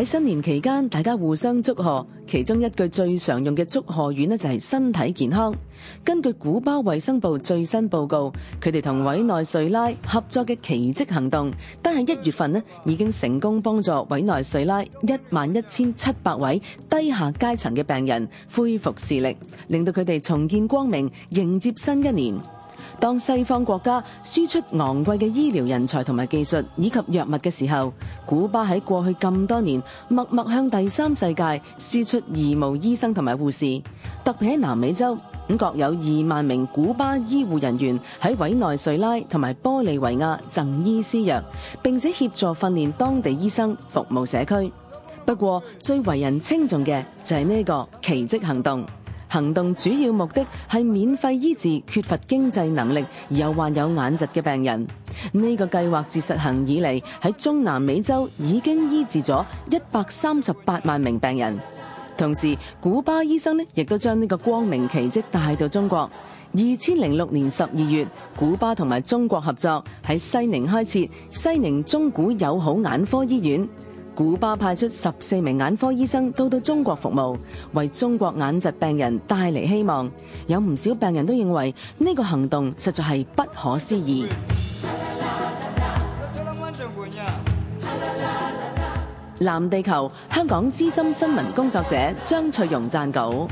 喺新年期間，大家互相祝賀，其中一句最常用嘅祝賀語呢就係身體健康。根據古巴衛生部最新報告，佢哋同委內瑞拉合作嘅奇蹟行動，單係一月份已經成功幫助委內瑞拉一萬一千七百位低下階層嘅病人恢復視力，令到佢哋重見光明，迎接新一年。當西方國家輸出昂貴嘅醫療人才同埋技術以及藥物嘅時候，古巴喺過去咁多年默默向第三世界輸出義務醫生同埋護士，特別喺南美洲各國有二萬名古巴醫護人員喺委內瑞拉同埋玻利維亞贈醫施藥，並且協助訓練當地醫生服務社區。不過最為人稱頌嘅就係呢個奇蹟行動。行動主要目的係免費醫治缺乏經濟能力而又患有眼疾嘅病人。呢個計劃自實行以嚟，喺中南美洲已經醫治咗一百三十八萬名病人。同時，古巴醫生呢亦都將呢個光明奇蹟帶到中國。二千零六年十二月，古巴同埋中國合作，喺西寧開設西寧中古友好眼科醫院。古巴派出十四名眼科醫生到到中國服務，為中國眼疾病人帶嚟希望。有唔少病人都認為呢個行動實在係不可思議。藍地球香港資深新聞工作者張翠容撰稿。